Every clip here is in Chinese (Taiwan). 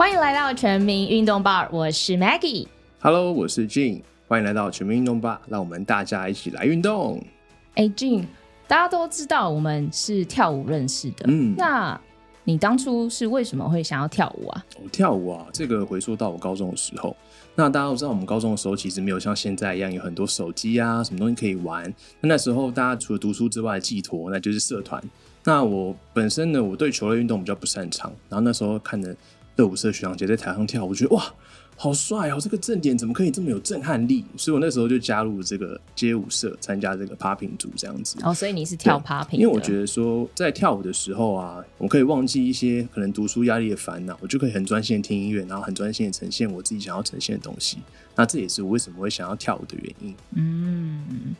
歡迎來到全民運動吧，我是 Maggie。Hello，我是 Jin。歡迎來到全民運動吧，讓我們大家一起來運動。哎，Jin，大家都知道我們是跳舞認識的。嗯，那你當初是為什麼會想要跳舞啊？哦，跳舞啊，這個回溯到我高中的時候。那大家都知道，我們高中的時候其實沒有像現在一樣有很多手機啊，什麼東西可以玩。那那時候大家除了讀書之外的寄託，那就是社團。那我本身呢，我對球類運動比較不擅長，然後那時候看的。街舞社學長姐在台上跳，我覺得哇，好帥哦、喔！這個正點怎麼可以這麼有震撼力？所以我那時候就加入這個街舞社，參加這個 popping 組，這樣子。哦，所以你是跳 popping，因為我覺得說在跳舞的時候啊，我可以忘記一些可能讀書壓力的煩惱，我就可以很專心的聽音樂，然後很專心的呈現我自己想要呈現的東西。那這也是我為什麼會想要跳舞的原因。嗯，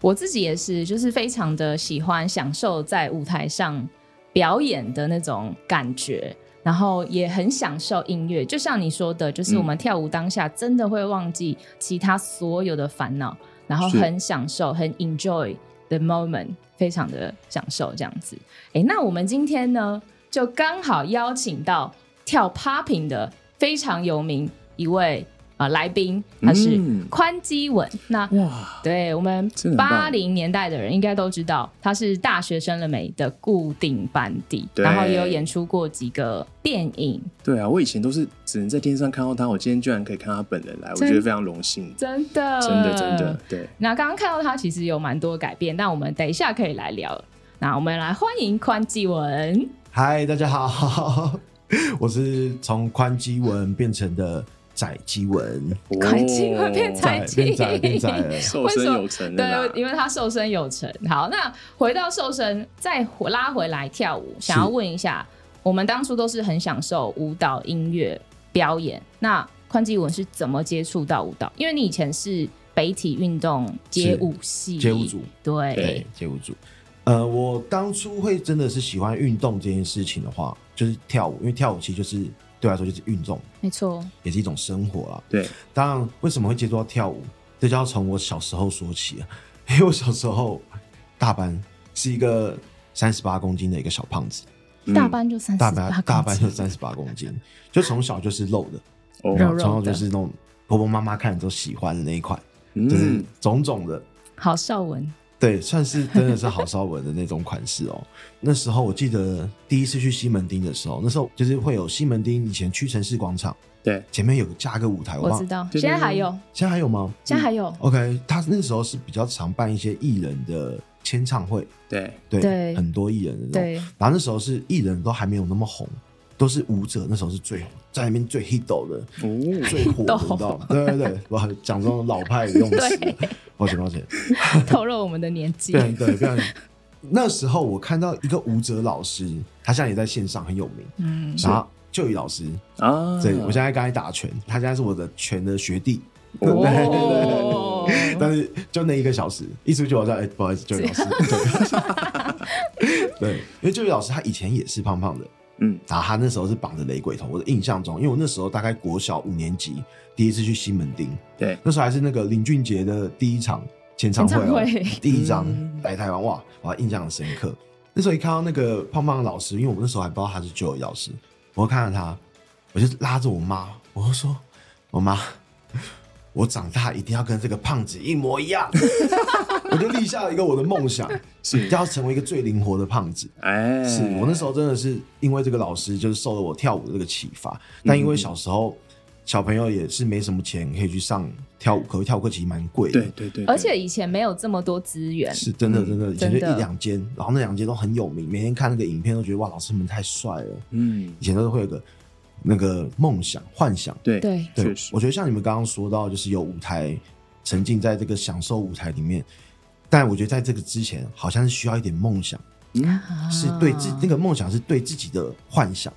我自己也是，就是非常的喜歡享受在舞台上表演的那種感覺。然後也很享受音樂，就像你說的，就是我們跳舞當下真的會忘記其他所有的煩惱，然後很享受，很 enjoy the moment，非常的享受這樣子。誒，那我們今天呢，就剛好邀請到跳 popping 的非常有名一位，啊、呃，來賓他是寬嘰文，嗯、那哇，對，我們八零年代的人應該都知道，他是《大學生了沒》的固定班底，然後也有演出過幾個電影。對啊，我以前都是只能在電視上看到他，我今天居然可以看他本人來，我覺得非常榮幸。真的，真的真的。對，那剛剛看到他其實有蠻多改變，那我們等一下可以來聊。那我們來歡迎寬嘰文。嗨，大家好， 我是從寬嘰文變成的。寬嘰文，寬嘰文變寬嘰，為什麼？對，因為他瘦身有成。好，那回到瘦身，再拉回來跳舞，想要問一下，我們當初都是很享受舞蹈、音樂表演。那寬嘰文是怎麼接觸到舞蹈？因為你以前是北體運動街舞系，街舞組，對，街舞組。呃，我當初會真的是喜歡運動這件事情的話，就是跳舞，因為跳舞其實就是。對我來說就是運動，沒錯，也是一種生活了。對，當然為什麼會接觸到跳舞，這就要從我小時候說起啊。因為我小時候大班是一個三十八公斤的一個小胖子，大班就三，大班就三十八公斤，就從小就是肉的， 然後從小就是那種婆婆媽媽看着都喜歡的那一款，肉肉的，就是腫腫的。嗯、好，少文。對，算是真的是郝劭文的那種款式哦、喔。 那時候我記得第一次去西門町的時候，那時候就是會有西門町以前屈臣氏廣場對前面有個架個舞台我，我知道。現在還有？現在還有嗎？現在還有、嗯，現在還有。OK，他那時候是比較常辦一些藝人的簽唱會，對對對，很多藝人的種。對，然後那時候是藝人都還沒有那麼紅。都是舞者，那時候是最在裡面最 hito 的、哦，最火的，的，你知道嗎？對對對，我講這種老派的用詞，抱歉抱歉，透露我們的年紀。對對對，那時候我看到一個舞者老師，他現在也在線上很有名，嗯，然後就瑜老師啊，對，我現在剛才打拳，他現在是我的拳的學弟、哦，對對對，但是就那一個小時，一出去我就哎、欸，不好意思，就瑜老師，對， 對，因為就瑜老師他以前也是胖胖的。嗯，然後他那時候是綁着雷鬼頭，我的印象中，因為我那時候大概國小五年級，第一次去西門町，對，那時候還是那個林俊傑的第一場簽唱會、哦、會，第一場來台灣，嗯、哇，我印象很深刻。那時候一看到那個胖胖的老師，因為我那時候還不知道他是 Joe 老師，我看到他，我就拉着我媽，我就說，我媽。我長大一定要跟這個胖子一模一樣 我就立下了一個我的夢想，是、嗯、要成為一個最靈活的胖子。哎是，是我那時候真的是因為這個老師，就是受了我跳舞的這個啟發。但因為小時候、嗯、哼哼小朋友也是沒什麼錢可以去上跳舞課，可是跳舞課其實蠻貴，對對對、對，而且以前沒有這麼多資源，是真的真的，以前就一兩間，然後那兩間都很有名，每天看那個影片都覺得哇，老師們太帥了。嗯，以前都是會有個。那個夢想、幻想，對對，對我覺得像你們剛剛說到，就是有舞台，沉浸在這個享受舞台裡面。但我覺得在這個之前，好像是需要一點夢想、嗯，是對自、啊、那個夢想是對自己的幻想。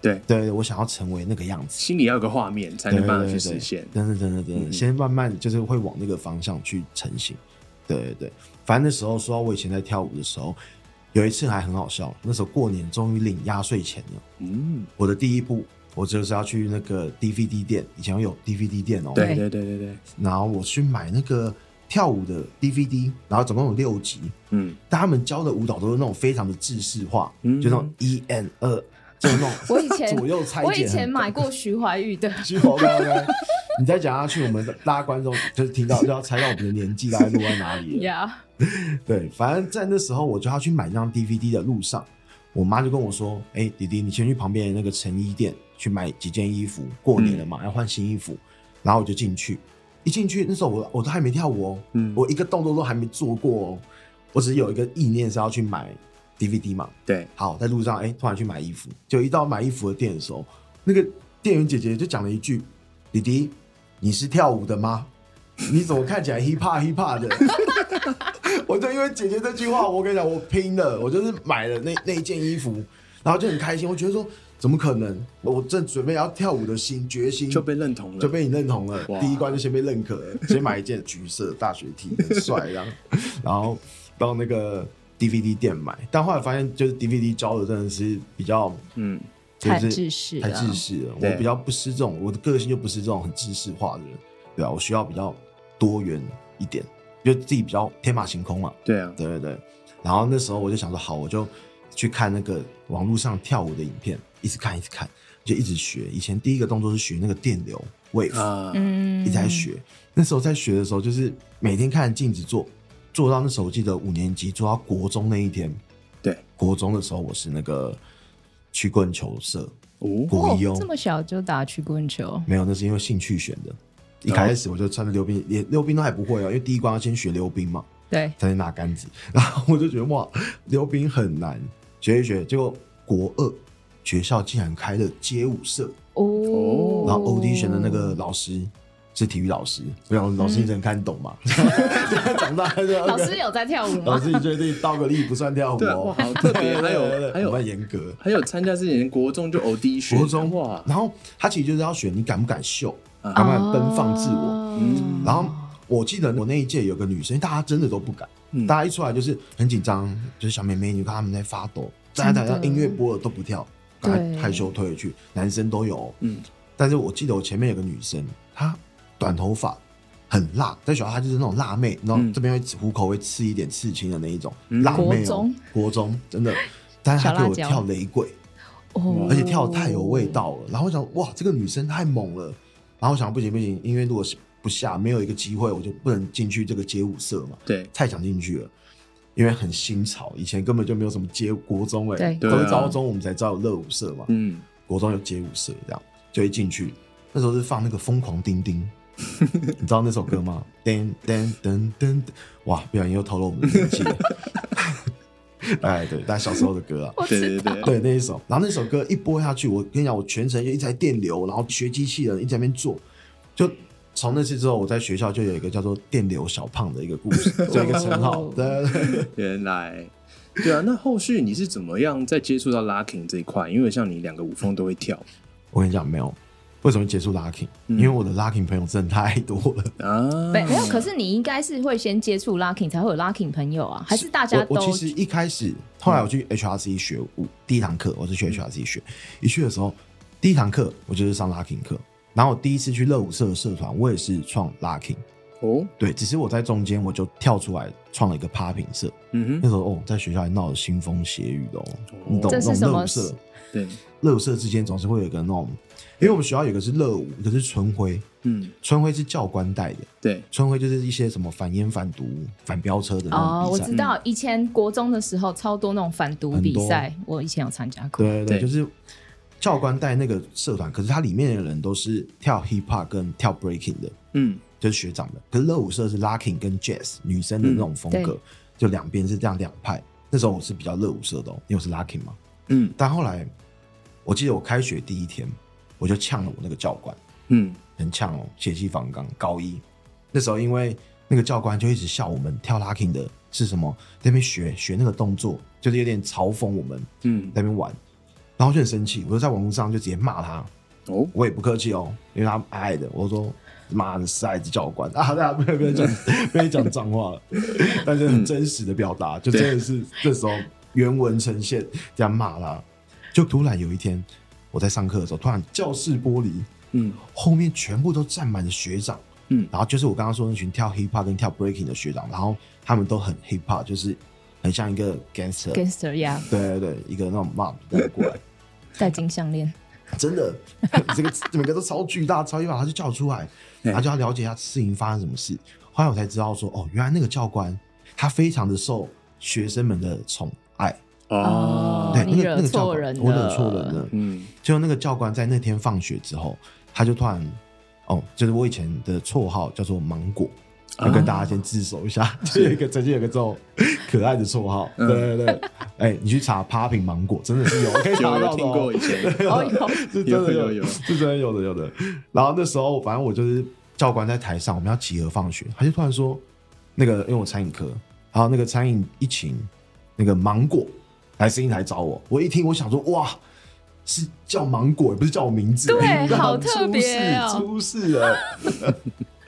對對，我想要成為那個樣子，心裡要有個畫面，才能慢慢去實現。真的真的真的，先慢慢就是會往那個方向去成型。對對對，反正那時候說，我以前在跳舞的時候。有一次還很好笑，那時候過年終於領壓歲錢了。嗯，我的第一步，我就是要去那個 DVD 店，以前有 DVD 店哦、喔。對對對對。然後我去買那個跳舞的 DVD，然後總共有六集。嗯，他們教的舞蹈都是那種非常的制式化、嗯，就那種一 and 二，就那種。我以前 左右猜，我以前買過徐懷鈺的。徐懷鈺。你再講下去，我們大家觀眾就是聽到就要猜到我們的年紀大概落在哪裡。 對，反正在那時候，我就要去買那張 DVD 的路上，我媽就跟我說：“哎、欸，弟弟，你先去旁邊那個成衣店去買幾件衣服，過年了嘛，嗯、要換新衣服。”然後我就進去，一進去那時候我我都還沒跳舞、哦，嗯，我一個動作都還沒做過哦，我只是有一個意念是要去買 DVD 嘛。對、嗯，好，在路上哎、欸，突然去買衣服，就一到買衣服的店的時候，那個店員姐姐就講了一句：“弟弟，你是跳舞的嗎？你怎麼看起來 hip hop hip hop 的？” 我就因為姐姐這句話，我跟你講，我拼了，我就是買了那那一件衣服，然後就很開心。我覺得說，怎麼可能？我正準備要跳舞的心決心就被認同了，就被你認同了。第一關就先被認可了。先買一件橘色的大學 T，很帥，然 後然後到那個 DVD 店買。但後來發現，就是 DVD 教的真的是比較就是嗯，太是，太制式了。我比較不是這種，我的個性又不是這種很制式化的人，對啊，我需要比較多元一點。就自己比較天馬行空嘛，對啊，對對對。然後那時候我就想說，好，我就去看那個網絡上跳舞的影片，一直看，一直看，就一直學。以前第一個動作是學那個電流 wave，uh, 一直在學，嗯。那時候在學的時候，就是每天看鏡子做，做到那時候我記得五年級做到國中那一天。對，國中的時候我是那個曲棍球社，oh. 國一哦，oh, 這麼小就打曲棍球？沒有，那是因為興趣選的。一開始我就穿着溜冰，連溜冰都還不會哦、喔。因為第一關要先學溜冰嘛。對，才能拿杆子。然後我就覺得哇，溜冰很難，學一學。結果國二學校竟然開了街舞社哦。然後 OD 選的那個老師是體育老師，然後老師能看懂嘛？嗯、 長大了就老師有在跳舞嗎？老師也覺得道格力不算跳舞。哦。好特別 還有還有很嚴格，還有，還有參加之前國中就 OD 學國中話，然後他其實就是要選你敢不敢秀。敢不敢奔放自我，啊？嗯，然後我記得我那一屆有個女生，大家真的都不敢，嗯、大家一出來就是很緊張，就是小妹妹，你看她們在發抖，站台上音樂播了都不跳，剛才害羞退回去。男生都有，嗯，但是我記得我前面有個女生，她短頭髮，很辣，但學校她就是那種辣妹，嗯、然後這邊會虎口會刺一點刺青的那一種、嗯、辣妹哦，國中，國中真的，但是她給我跳雷鬼、嗯，而且跳得太有味道了，哦、然後我想哇，這個女生太猛了。然後我想不行不行，因為如果不下，沒有一個機會，我就不能進去這個街舞社嘛。對，太想進去了，因為很新潮，以前根本就沒有什麼街。國中欸，對，所以高中我們才知道有熱舞社嘛、啊。嗯，國中有街舞社，這樣就一進去。那時候是放那個《瘋狂叮叮》， 你知道那首歌嗎？ 噔噔噔噔，哇！不小心又透露我們的年紀。 哎，對，大家小時候的歌啊！ 對，對，對對對，對那一首，然後那首歌一播下去，我跟你講，我全程就一直在電流，然後學機器人一直在那邊做，就從那次之後，我在學校就有一個叫做“電流小胖”的一個故事，就一個稱號。 對，對，對原來。對啊，那後續你是怎麼樣在接觸到 Locking 這一塊？因為像你兩個舞風都會跳，我跟你講，沒有。為什麼接觸 locking，因為我的 locking 朋友真的太多了啊、嗯！ 沒有。可是你應該是會先接觸 locking 才會有 locking 朋友啊？還是大家都我……我其實一開始，後來我去 HRC 學舞、嗯、第一堂課，我是去 HRC 學、嗯。一去的時候，第一堂課我就是上 locking 課，然後我第一次去樂舞社的社團，我也是創 locking 哦，對，只是我在中間我就跳出來創了一個 popping 社。嗯哼，那時候哦，在學校裡鬧得腥風血雨的哦，哦，你懂？這是什麼？社對。.樂舞社之間總是會有一個那種，因為我們學校有一個是樂舞，一個是春暉，嗯，春暉是教官帶的，對，春暉就是一些什麼反煙、反毒、反飆車的。哦，我知道，以前國中的時候超多那種反毒比賽，我以前有參加過。對對，對，就是教官帶那個社團，可是他裡面的人都是跳 hip hop 跟跳 breaking 的，嗯，就是學長的。可是樂舞社是 locking 跟 jazz，女生的那種風格，嗯，就兩邊是這樣兩派。那時候我是比較樂舞社的哦，因為我是 locking 嘛，嗯，但後來。我記得我開學第一天，我就嗆了我那個教官，嗯，很嗆哦，血氣方剛，高一那時候，因為那個教官就一直笑我們跳 locking 的是什麼，在那邊學學那個動作，就是有點嘲諷我們，嗯，在那邊玩，然後我就很生氣，我就在網絡上就直接罵他，哦，我也不客氣哦，因為他矮矮的，我說媽的矮子教官，啊大家不要不要講不要講髒話了， 但是很真實的表達，嗯，就真的是這時候原文呈現這樣罵他。就突然有一天，我在上課的時候，突然教室玻璃，嗯，後面全部都站滿了學長，嗯，然後就是我剛剛說那群跳 hip hop 跟跳 breaking 的學長，然後他們都很 hip hop，就是很像一個 gangster，gangster 呀，對對對，一個那種 mob 帶過來，戴 金項鏈，啊、真的，這個每個都超巨大 超 hip hop，他就叫出來，然後就要了解一下事情發生什麼事。後來我才知道說，哦，原來那個教官他非常的受學生們的寵愛。哦、oh... 那個，你惹錯人，嗯、人了。我惹錯人了。嗯，就是、那個教官，在那天放學之後，他就突然，哦、嗯，就是我以前的綽號叫做芒果，要跟大家先自首一下，就有一個 曾經有一個這種可愛的綽號，對對對，對，哎、嗯， 你去查 Popping 芒果，真的是有，我聽到聽過以前，有有有有有，就是真的有的有的。然後那時候，反正我就是教官在台上，我們要集合放學，他就突然說，那個因為我餐飲科，然後那個餐飲疫情那個芒果。來聲音來找我，我一聽我想說哇，是叫芒果，不是叫我名字。對，好特別，哦，出事了，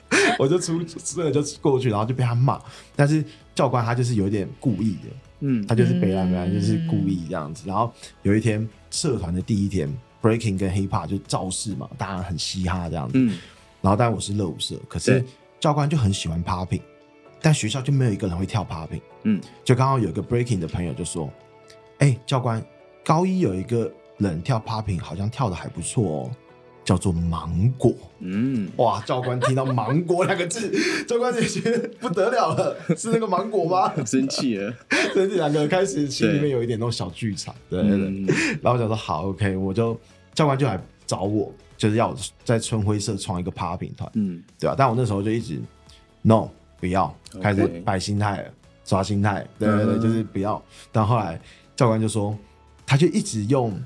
我就出出事了就過去，然後就被他罵。但是教官他就是有點故意的，嗯，他就是北爛北爛就是故意這樣子。嗯，然後有一天社團的第一天，breaking 跟 hip hop 就造勢嘛，大家很嘻哈這樣子。嗯，然後當然我是熱舞社，可是教官就很喜歡 popping，嗯、但學校就沒有一個人會跳 popping。嗯。就剛好有個 breaking 的朋友就說。哎、欸，教官，高一有一個人跳 popping，好像跳得還不錯哦，叫做芒果。嗯，哇，教官聽到“芒果”兩個字， 教官就覺得不得了了，是那個芒果嗎？很生氣，生氣兩個開始心裡面有一點那種小劇場，對對、對、對、嗯。然後我想說好，OK，我就教官就來找我，就是要在春暉社創一個 popping 團，嗯，對啊，但我那時候就一直 no，不要，okay、開始擺心態，抓心態，對對對、嗯，就是不要。但後來。教官就說，他就一直用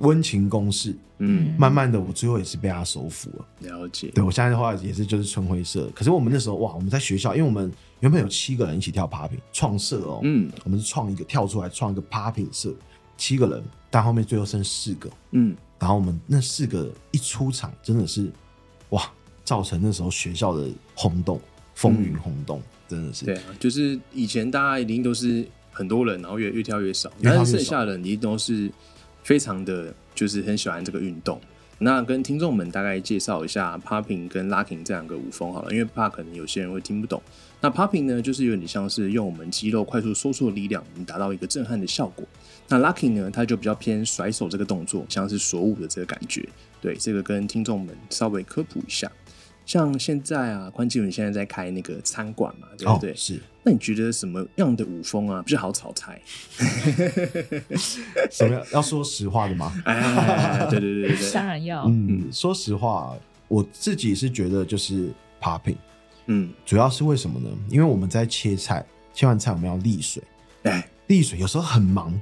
溫情攻勢，嗯，慢慢的我最後也是被他收服了。了解，對我現在的話也是就是春暉社。可是我們那時候哇，我們在學校，因為我們原本有七個人一起跳 Popping 創社哦、喔，嗯，我們是創一個跳出來創一個 Popping 社，七個人，但後面最後剩四個，嗯，然後我們那四個一出場真的是哇，造成那時候學校的轟動，風雲轟動、嗯，真的是對啊，就是以前大家一定都是。很多人，然後越越跳越少，但是剩下的人，你都是非常的，就是很喜歡這個運動。那跟聽眾們大概介紹一下 popping 跟 locking 這兩個舞風好了，因為怕可能有些人會聽不懂。那 popping 呢，就是有點像是用我們肌肉快速收縮的力量，能達到一個震撼的效果。那 locking 呢，它就比較偏甩手這個動作，像是鎖舞的這個感覺。對，這個跟聽眾們稍微科普一下。像現在啊，寬嘰文現在在開那個餐館嘛，對不對、哦？是。那你覺得什麼樣的舞風啊，比較好炒菜？什 麼、欸？要說實話的嗎？哎、對對對，對，對，對，當然要。嗯，說實話，我自己是覺得就是 popping，嗯，主要是為什麼呢？因為我們在切菜，切完菜我們要瀝水，哎，瀝水有時候很忙，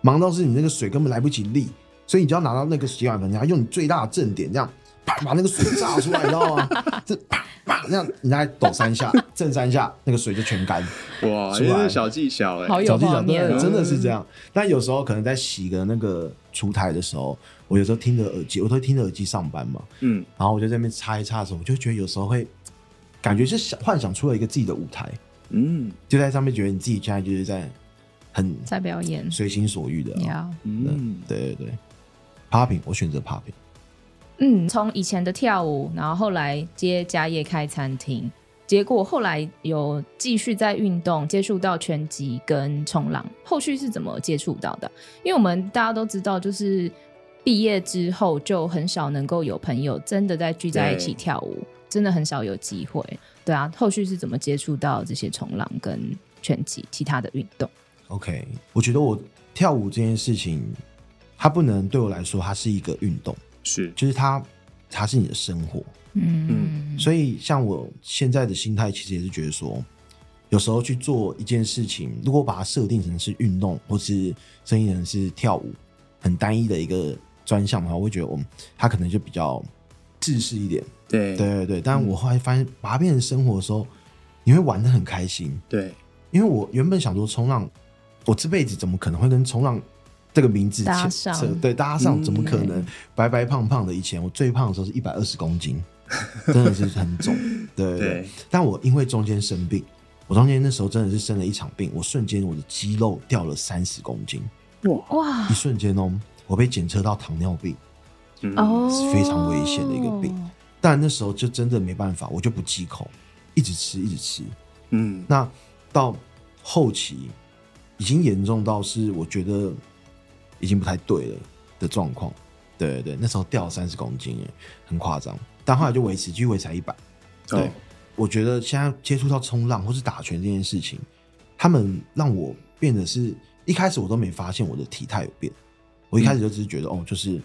忙到是你那個水根本來不及瀝，所以你就要拿到那個洗碗盆，你要用你最大的正點這樣。把那個水炸出來，你知道嗎？這啪啪那樣，你再抖三下，震三下， 那個水就全乾。哇，原來那個小技巧哎、欸，小技巧，嗯，對，真的是這樣，嗯。但有時候可能在洗個那個廚台的時候，我有時候聽着耳機，我都會聽着耳機上班嘛。嗯，然後我就在那邊擦一擦的時候，我就覺得有時候會感覺是想幻想出了一個自己的舞台。嗯，就在上面覺得你自己現在就是在很在表演，隨心所欲的。要嗯，對對對，popping，我選擇 popping。嗯，從以前的跳舞，然後後來接家業開餐廳，結果後來有繼續在運動，接觸到拳擊跟衝浪。後續是怎麼接觸到的？因為我們大家都知道，就是畢業之後就很少能夠有朋友真的在聚在一起跳舞，真的很少有機會。對啊，後續是怎麼接觸到這些衝浪跟拳擊其他的運動？OK，我覺得我跳舞這件事情，它不能對我來說，它是一個運動。是，就是它，才是你的生活，嗯嗯。所以像我現在的心態，其實也是覺得說，有時候去做一件事情，如果把它設定成是運動，或是聲音人是跳舞，很單一的一個專項的話，我會覺得，們、嗯、它可能就比較正式一點。對，對對對。但我後來發現，嗯、把它變成生活的時候，你會玩的很開心。對，因為我原本想說衝浪，我這輩子怎麼可能會跟衝浪？這個名字搭上對，搭上怎麼可能白白胖胖的？以前、嗯、我最胖的時候是一百二十公斤， 真的是很重。對，對但我因為中間生病，我中間那時候真的是生了一場病，我瞬間我的肌肉掉了三十公斤。哇！一瞬間哦、喔，我被檢測到糖尿病，哦、嗯，是非常危險的一個病、哦。但那時候就真的沒辦法，我就不忌口，一直吃一直吃。嗯，那到後期已經嚴重到是我覺得。已經不太對了的狀況，對對對，那時候掉了三十公斤耶，很誇張。但後來就維持，繼續維持在一百。對、哦，我覺得現在接觸到衝浪或是打拳這件事情，他們讓我變得是，一開始我都沒發現我的體態有變，我一開始就只是覺得，嗯、哦，就是。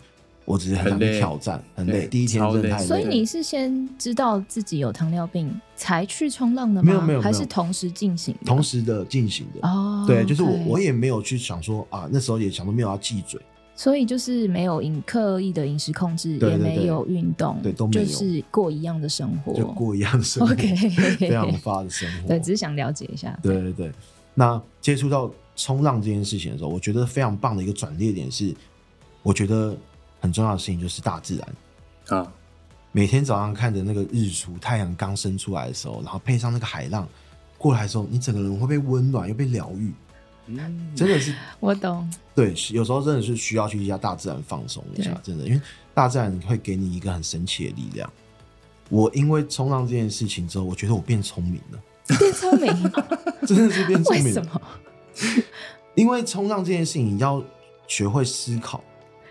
我只是很挑戰，很累，很累，第一天真的太累了。所以你是先知道自己有糖尿病才去衝浪的嗎？沒有，沒有，還是同時進行的，同時的進行的哦。對，就是我，okay. 我也沒有去想說啊，那時候也想說沒有要忌嘴，所以就是沒有飲刻意的飲食控制，對對對，也沒有運動，對對對，對，都沒有，就是過一樣的生活，就過一樣的生活，OK，這 樣發的生活。 對，只是想了解一下。對對對，對，對。那接觸到衝浪這件事情的時候，我覺得非常棒的一個轉捩點是，我覺得。很重要的事情就是大自然啊，每天早上看着那個日出，太陽剛升出來的時候，然後配上那個海浪過來的時候，你整個人會被溫暖又被療癒。嗯，真的是我懂。對，有時候真的是需要去一下大自然放鬆一下，真的，因為大自然會給你一個很神奇的力量。我因為衝浪這件事情之後，我覺得我變聰明了，變聰明， 真的是變聰明了。為什麼？因為衝浪這件事情，你要學會思考。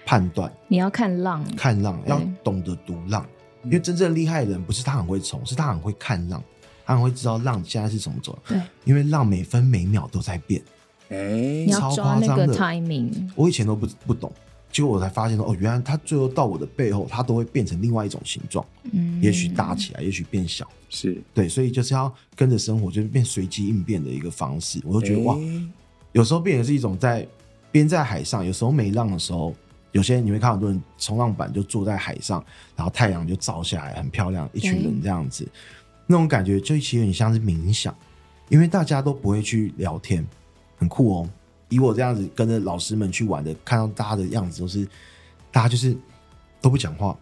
判斷你要看浪，看浪要懂得讀浪，因為真正厲害的人不是他很會衝，是他很會看浪，他很會知道浪現在是怎麼走。對，因為浪每分每秒都在變，哎，超誇張的 timing。我以前都不不懂，結果我才發現哦，原來他最後到我的背後，他都會變成另外一種形狀。嗯，也許大起來，也許變小，是對，所以就是要跟着生活，就是變隨機應變的一個方式。我就覺得、欸、哇，有時候變也是一種在邊在海上，有時候沒浪的時候。有些人你會看很多人衝浪板就坐在海上，然後太陽就照下來，很漂亮。一群人這樣子，嗯、那種感覺就其實有點像是冥想，因為大家都不會去聊天，很酷哦。以我這樣子跟着老師們去玩的，看到大家的樣子都是，大家就是都不講話，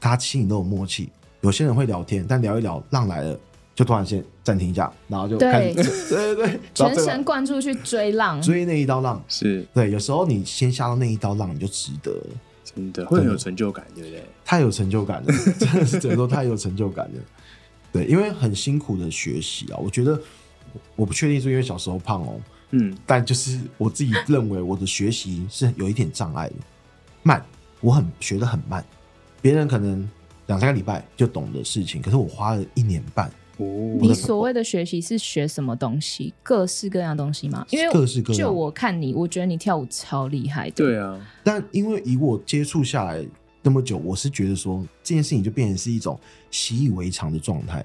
大家心裡都有默契。有些人會聊天，但聊一聊浪來了，就突然間。暫停一下，然後就對 對對對，全神貫注去追浪，追那一道浪是對。有時候你先下到那一道浪，你就值得，真的會很有成就感，對不對？太有成就感了， 真的是只能說太有成就感了。對，因為很辛苦的學習啊，我覺得我不確定是因為小時候胖哦，嗯，但就是我自己認為我的學習是有一點障礙的， 慢，我很學得很慢，別人可能兩三個禮拜就懂的事情，可是我花了一年半。你所謂的學習是學什麼東西？各式各樣東西嗎？因為各式各樣的，就我看你，我覺得你跳舞超厲害的。對啊，但因為以我接觸下來那麼久，我是覺得說這件事情就變成是一種習以為常的狀態。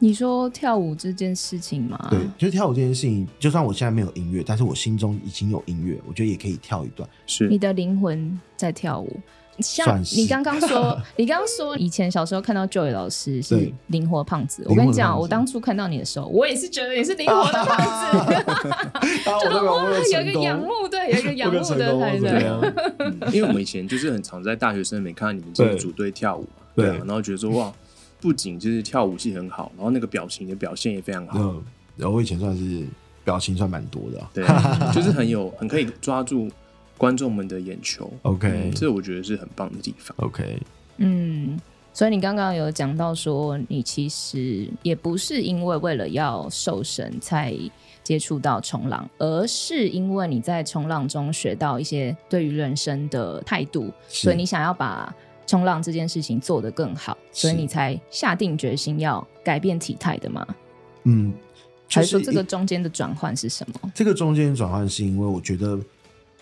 你說跳舞這件事情嗎？對，就是跳舞這件事情。就算我現在沒有音樂，但是我心中已經有音樂，我覺得也可以跳一段。是你的靈魂在跳舞。像你剛剛說， 你剛剛說以前小時候看到 Joy 老師是靈活胖子。我跟你講，我當初看到你的時候，我也是覺得也是靈活的胖子。啊哈哈， 啊我都有一個仰慕，對，有一個仰慕的。對啊，嗯、 因為我們以前就是很常在大學生裡面看到你們這個組隊跳舞對,對然後覺得說哇，不僅就是跳舞戲很好，然後那個表情的表現也非常好。然後我以前算是表情算蠻多的，啊，對，就是很有很可以抓住。觀眾們的眼球，OK，、嗯、這我覺得是很棒的地方，OK，嗯，所以你剛剛有講到說，你其實也不是因為為了要瘦身才接觸到衝浪，而是因為你在衝浪中學到一些對於人生的態度，所以你想要把衝浪這件事情做得更好，所以你才下定決心要改變體態的嗎？嗯、就是，還是說這個中間的轉換是什麼？這個中間轉換是因為我覺得。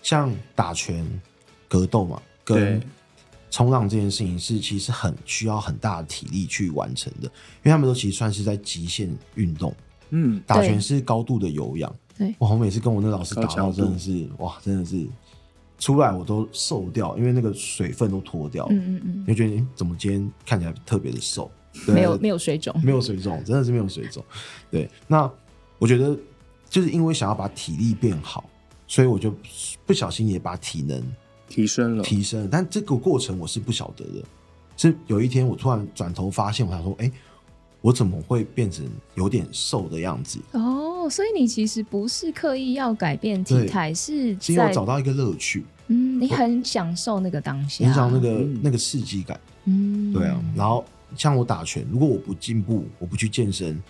像打拳、格鬥嘛，跟衝浪這件事情是其實很需要很大的體力去完成的，因為他們都其實算是在極限運動。嗯，打拳是高度的有氧。對，哇，我每次跟我那個老師打到真的是，哇，真的是出來我都瘦掉，因為那個水分都脫掉了。嗯嗯嗯，就覺得怎麼今天看起來特別的瘦，對 沒有沒有水腫，沒有水腫，真的是沒有水腫。對，那我覺得就是因為想要把體力變好。所以我就不小心也把體能提升了，提升。但這個過程我是不曉得的，是有一天我突然轉頭發現，我想說，哎、欸，我怎麼會變成有點瘦的樣子？哦，所以你其實不是刻意要改變體態，是只要找到一個樂趣。嗯，你很享受那個當下，你享受那個那個刺激感。嗯，對啊。然後像我打拳，如果我不進步，我不去健身，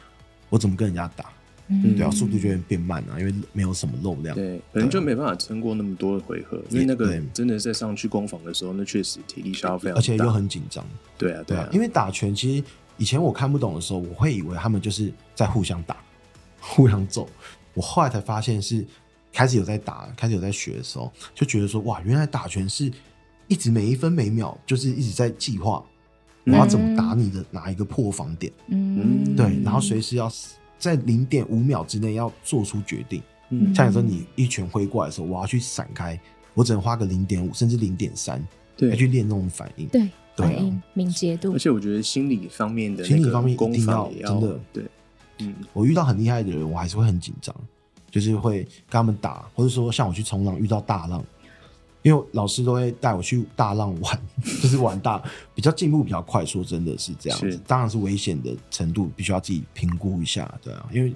我怎麼跟人家打？嗯，對啊，速度就會變慢了、啊，因為沒有什麼肉量。對，對可能就沒辦法撐過那麼多的回合，因為那個真的是在上去攻防的時候，那確實體力消耗而且又很緊張、啊。對啊，對啊，因為打拳其實以前我看不懂的時候，我會以為他們就是在互相打、互相揍。我後來才發現是開始有在打，開始有在學的時候，就覺得說哇，原來打拳是一直每一分每一秒就是一直在計劃、嗯，我要怎麼打你的哪一個破防點？嗯，對，然後隨時要死。在零點五秒之內要做出決定，嗯，像有時候你一拳揮過來的時候，我要去閃開，我只能花個零點五甚至零點三，對，要去練那種反應，對，反應敏捷度。而且我覺得心理方面的心理方面一定要真的，對，嗯，我遇到很厲害的人，我還是會很緊張，就是會跟他們打，或者說像我去衝浪遇到大浪。因為老師都會帶我去大浪玩，就是玩大 比較進步比較快。說真的是這樣子，當然是危險的程度必須要自己評估一下，對啊。因為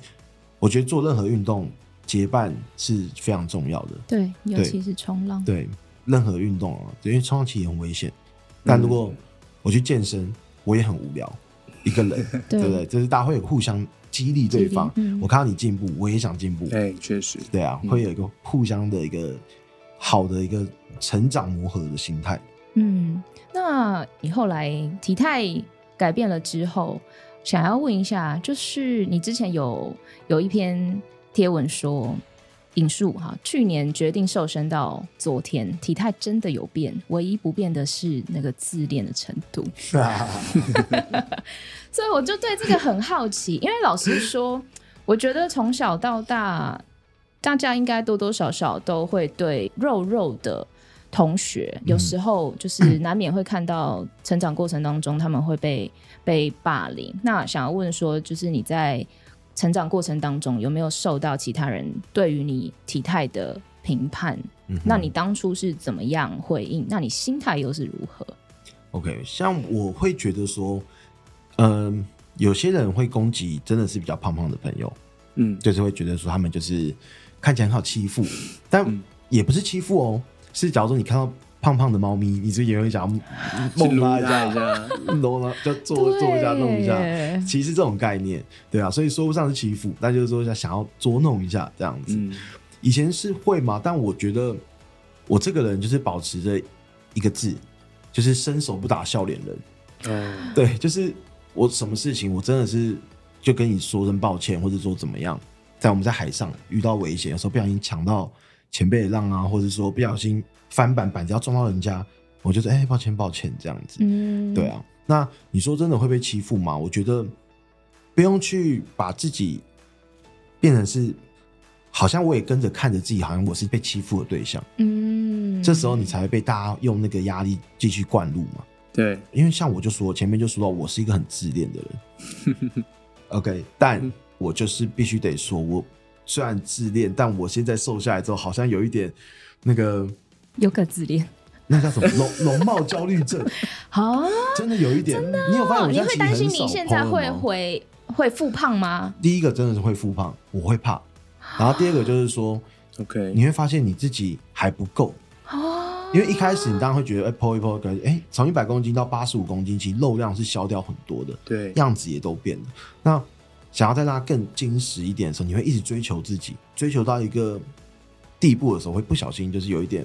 我覺得做任何運動結伴是非常重要的，對，對，尤其是衝浪。對，任何運動啊，因為衝浪其實也很危險。但如果我去健身，嗯、我也很無聊一個人， 對不對,對？就是大家會有互相激勵對方、嗯。我看到你進步，我也想進步。對，確實，對啊，會有一個、嗯、互相的一個。好的一個成長磨合的心態。嗯，那你後來體態改變了之後，想要問一下，就是你之前有有一篇貼文說，引述哈，去年決定瘦身到昨天，體態真的有變，唯一不變的是那個自戀的程度。是啊 所以我就對這個很好奇，因為老實說，我覺得從小到大。大家應該多多少少都會對肉肉的同學、嗯，有時候就是難免會看到成長過程當中他們會被被霸凌。那想要問說，就是你在成長過程當中有沒有受到其他人對於你體態的評判，嗯？那你當初是怎麼樣回應？那你心態又是如何？OK，像我會覺得說，嗯、呃，有些人會攻擊，真的是比較胖胖的朋友，嗯，就是會覺得說他們就是。看起來很好欺負，但也不是欺負哦，是假如說你看到胖胖的貓咪，你就也會想要弄它一下， 弄它 就做做一下弄一下，其實這種概念，對啊，所以說不上是欺負，那就是說想想要捉弄一下這樣子。嗯。以前是會嘛，但我覺得我這個人就是保持着一個字，就是伸手不打笑臉人。嗯，對，就是我什麼事情，我真的是就跟你說聲抱歉，或者說怎麼樣。在我們在海上遇到危險，有時候不小心搶到前輩的浪啊，或者說不小心翻板板子要撞到人家，我就說、是、哎、欸、抱歉抱歉這樣子。嗯，對啊。那你說真的會被欺負嗎？我覺得不用去把自己變成是，好像我也跟着看着自己，好像我是被欺負的對象。嗯，這時候你才會被大家用那個壓力繼續灌入嘛。對，因為像我就說前面就說到我是一個很自戀的人。 OK，但。嗯我就是必須得說，我雖然自戀，但我現在瘦下來之後，好像有一點那個有個自戀，那叫什麼？容容貌焦慮症 真的有一點，真的、哦。你,你會擔心你現在會回會復胖嗎？第一個真的是會復胖，我會怕。然後第二個就是說，OK， 你會發現你自己還不夠哦， 因為一開始你當然會覺得，哎、欸，剖一剖，哎、欸，從一百公斤到八十五公斤，其實肉量是消掉很多的，對，樣子也都變了。那想要在那更精實一點的時候，你會一直追求自己，追求到一個地步的時候，會不小心就是有一點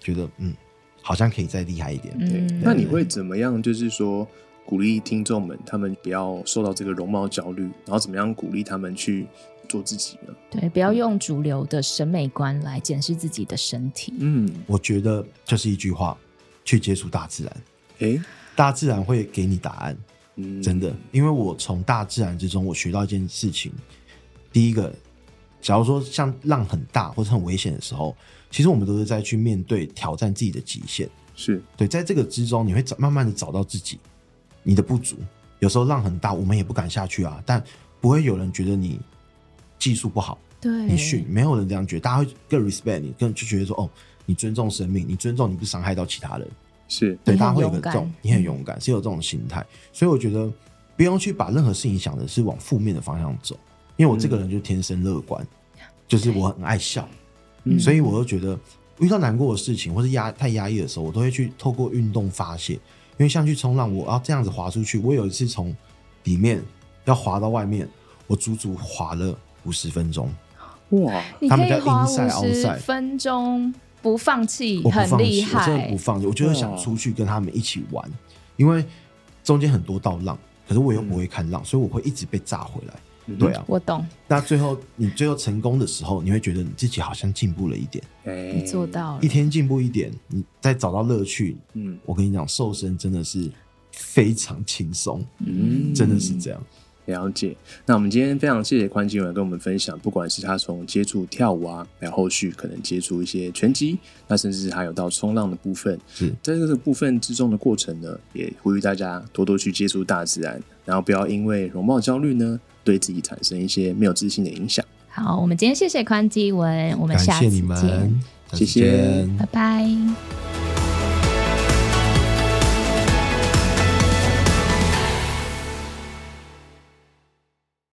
覺得，嗯，好像可以再厲害一點、嗯。對，那你會怎麼樣？就是說，鼓勵聽眾們，他們不要受到這個容貌焦慮，然後怎麼樣鼓勵他們去做自己呢？對，不要用主流的審美觀來檢視自己的身體。嗯，我覺得就是一句話，去接觸大自然，誒、欸，大自然會給你答案。真的，因為我從大自然之中，我學到一件事情。第一個，假如說像浪很大或者很危險的時候，其實我們都是在去面對挑戰自己的極限。是對，在這個之中，你會找慢慢的找到自己，你的不足。有時候浪很大，我們也不敢下去啊。但不會有人覺得你技術不好，對你遜，沒有人這樣覺得。大家會更 respect 你，更就覺得說，哦，你尊重生命，你尊重你不傷害到其他人。是對，大家會有個這種，你很勇敢，嗯、是有這種心態，所以我覺得不用去把任何事情想的是往負面的方向走，因為我這個人就天生樂觀、嗯，就是我很愛笑，所以我都覺得遇到難過的事情或者壓太壓抑的時候，我都會去透過運動發洩，因為像去衝浪，我要這樣子滑出去，我有一次從裡面要滑到外面，我足足滑了五十分鐘，哇，他們叫 inside, 你可以滑五十分鐘。Outside, 不放棄，很厲害。我真的不放棄，我就是想出去跟他們一起玩，因為中間很多道浪，可是我又不會看浪，嗯，所以我會一直被炸回來。嗯、對啊，我懂。那最後你最後成功的時候，你會覺得你自己好像進步了一點。你做到了，一天進步一點，你再找到樂趣。嗯，我跟你講，瘦身真的是非常輕鬆，嗯，真的是這樣。了解。那我們今天非常謝謝寬嘰文跟我們分享，不管是他從接觸跳舞啊，還有後續可能接觸一些拳擊，那甚至還有到衝浪的部分。是、嗯，在這個部分之中的過程呢，也呼籲大家多多去接觸大自然，然後不要因為容貌焦慮呢，對自己產生一些沒有自信的影響。好，我們今天謝謝寬嘰文，我們下次見，感謝你們，下次見，謝謝，拜拜。